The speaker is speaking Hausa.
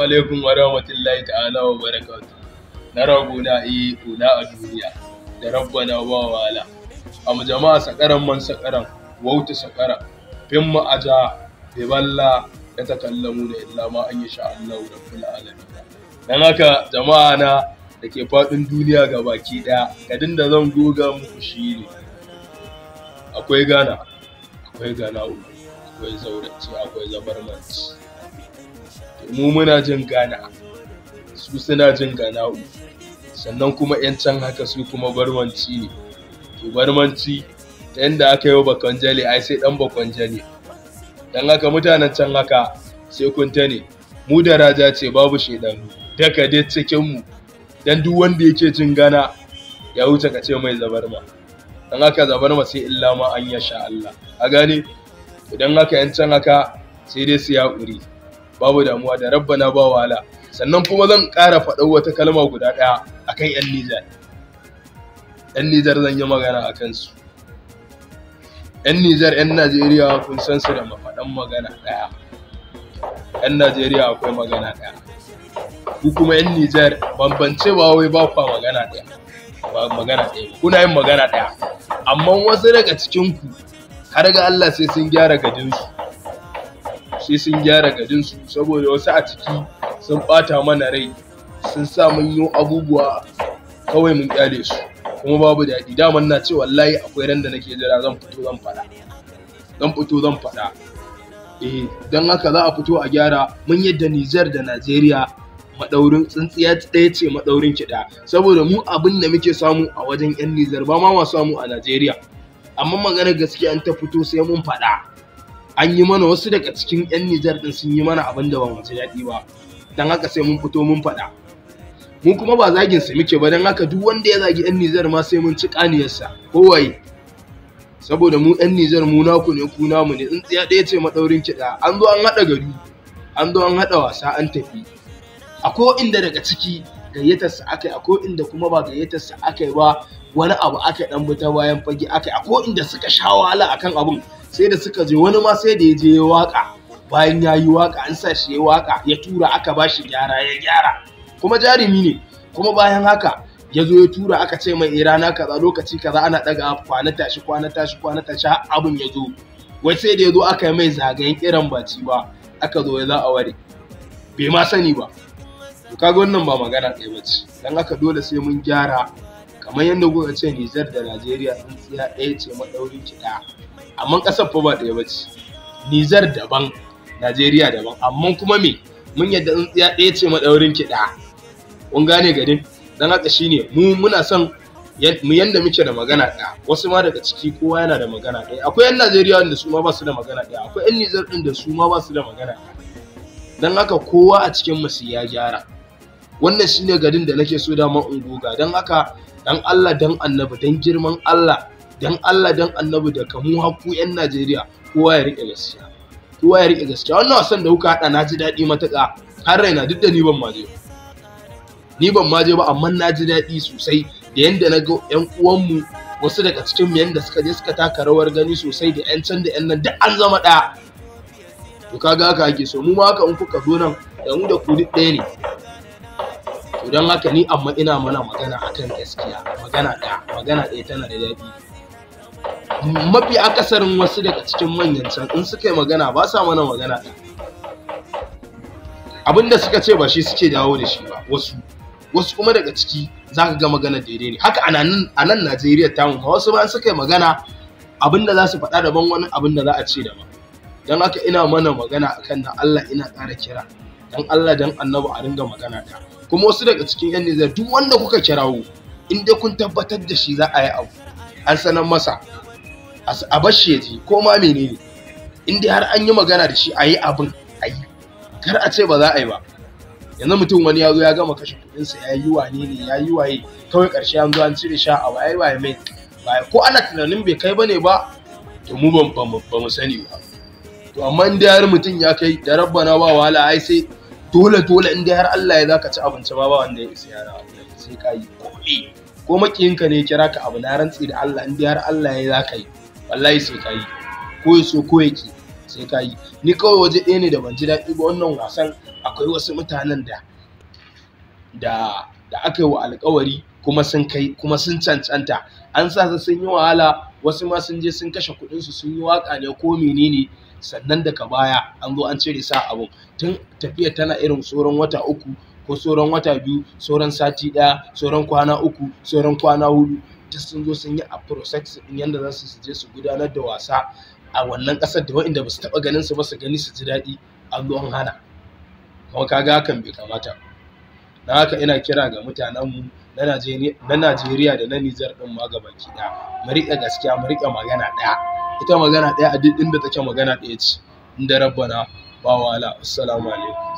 alaikum wa rahmatullahi ta'ala wa barakatu na rabu na iya una a duniya da na ba wala mu jama'a sakaran man sakaran wauta sakaran fin mu aja bi balla ya takallamu da illa ma an sha Allah rabbul alamin dan haka jama'a na da ke faɗin duniya ga baki ɗaya, kadin da zan goga muku shi ne. akwai gana akwai gana akwai zaurace akwai zabarmanci mu muna jin gana su suna jin gana'u, sannan kuma 'yan can haka su kuma barmanci ne to barmanci ta yadda aka yi wa jale ai sai dan bakon jale dan haka mutanen can haka sai kun ta ne mu da raja ce babu shaidanu daga dai cikin mu dan duk wanda yake jin gana ya wuce ka ce mai zabarma dan haka zabarma sai illa ma an ya Allah a gane idan haka 'yan can haka sai dai su ya babu damuwa da rabbana ba wahala sannan kuma zan ƙara faɗo wata kalma guda ɗaya akan yan Nijar yan Nijar zan yi magana a kansu yan Nijar yan Najeriya kun san su da mafaɗan magana ɗaya yan Najeriya akwai magana ɗaya ku kuma yan Nijar bambance ba wai ba kwa magana ɗaya ba magana ɗaya kuna yin magana ɗaya amma wasu daga cikin ku har ga Allah sai sun gyara gajinsu sai sun gyara su saboda wasu a ciki sun bata mana rai sun sa mun yi abubuwa kawai mun kyale su kuma babu daɗi daman na ce wallahi akwai ran da nake jira zan fito zan faɗa zan fito zan fada eh don haka za a fito a gyara mun yadda Nijar da Najeriya madaurin tsintsiya ɗaya ce madaurin kiɗa saboda mu abin da muke samu a wajen 'yan nizar ba ma samu a Najeriya amma maganar gaskiya an ta fito sai mun faɗa an yi mana wasu daga cikin 'yan Nijar din sun yi mana abin da ba mu daɗi ba don haka sai mun fito mun faɗa mu kuma ba zagin su muke ba don haka duk wanda ya zagi 'yan Nijar ma sai mun ci ƙaniyarsa kowai saboda mu 'yan Nijar mu naku ne ku namu ne tsintsiya ɗaya ce maɗaurin kiɗa an zo an haɗa gari an zo an haɗa wasa an tafi a ko inda daga ciki gayyatarsa aka yi a ko inda kuma ba gayyatarsa aka yi ba wani abu aka ɗan bayan fage aka yi a ko inda suka sha wahala akan abun sai da suka je wani ma sai da ya je ya waka bayan ya yi waka an sa shi ya waka ya tura aka ba shi gyara ya gyara kuma jarumi ne kuma bayan haka ya zo ya tura aka ce mai eh, rana kaza lokaci kaza ana daga kwana tashi kwana tashi kwana tashi har abin ya zo wai sai da ya zo aka yi mai zagayen kiran baci ba aka zo ya za a ware bai ma sani ba to kaga wannan ba magana ɗaya ba ce don haka dole sai mun gyara kamar yadda kuka ce Nijar da Najeriya tsaya ɗaya ce maɗaurin ki ɗaya amma ƙasar fa ba ɗaya ba ce Nijar daban Najeriya daban amma kuma me mun yadda tsaya ɗaya ce maɗaurin ki ɗaya kun gane gani dan haka shine mu muna son mu yanda muke da magana ɗaya wasu ma daga ciki kowa yana da magana ɗaya akwai yan Najeriya wanda su ma ba su da magana ɗaya akwai yan Nijar ɗin da su ma ba su da magana ɗaya dan haka kowa a cikin mu ya gyara wannan shine garin da nake so dama in goga don haka dan Allah dan annabi dan girman Allah dan Allah dan annabi da kamu haku yan Najeriya kowa ya rike gaskiya kowa ya rike gaskiya wannan wasan da kuka hada na ji daɗi matuƙa har raina duk da ni ban maje ni ban maje ba amma na ji daɗi sosai da yanda na ga yan uwanmu wasu daga cikin mu yanda suka je suka taka rawar gani sosai da yan can da yan nan duk an zama ɗaya to kaga haka ake so mu ma haka in kuka zo nan yanzu da ku duk ɗaya ne to don haka ni amma ina mana magana akan gaskiya magana ta, magana ɗaya tana da daɗi mafi akasarin wasu daga cikin manyan can in suka yi magana ba sa mana magana Abin abinda suka ce ba shi suke dawo da shi ba wasu wasu kuma daga ciki za ka ga magana daidai ne haka a nan najeriya ta ba wasu ba suka yi magana abinda za su faɗa daban wani abinda za a ce daban don haka ina mana magana akan na allah ina ƙara kira dan Allah dan annabi a ringa magana ta kuma wasu daga cikin yan Nijar duk wanda kuka kirawo in dai kun tabbatar da shi za a yi abu an sanar masa a bar shi ji ko ma menene in dai har an yi magana da shi a yi abin a yi kar a ce ba za a yi ba yanzu mutum wani ya zo ya gama kashe kuɗinsa ya yi wane ne ya yi waye kawai ƙarshe an zo an cire sha a waye waye mai ko ana tunanin bai kai bane ba to mu ba mu sani ba to amma in har mutum ya kai da rabbana ba wahala ai sai dole dole in dai har Allah ya zaka ci abinci ba ba wanda ya isa yara sai ka yi komai ko makiyinka ne kira ka abu na rantsi da Allah in dai har Allah ya zaka yi wallahi sai ka yi ko ya so ko ya sai ka yi ni kawai waje ɗaya ne da ban ji daɗi ba wannan wasan akwai wasu mutanen da da da aka yi wa alkawari kuma sun kai kuma sun cancanta an sa su sun yi wahala wasu ma sun je sun kashe kuɗin su sun yi waka ne ko menene sannan daga baya an zo an cire sa abun tun tafiya tana irin tsoron wata uku ko sauran wata biyu sauran sati ɗaya sauran kwana uku sauran kwana hudu Ta sun zo sun yi a process din yadda za su je su gudanar da wasa a wannan ƙasar da waɗanda ba su taɓa ganin su ba su gani su ji daɗi an zo an hana kuma kaga hakan bai kamata ba don haka ina kira ga mutanenmu na najeriya da na nijar ɗin ma ga baki ɗaya mu riƙe gaskiya mu riƙe magana ɗaya ita magana ɗaya a duk inda take magana ɗaya ce inda rabbana ba wala assalamu alaikum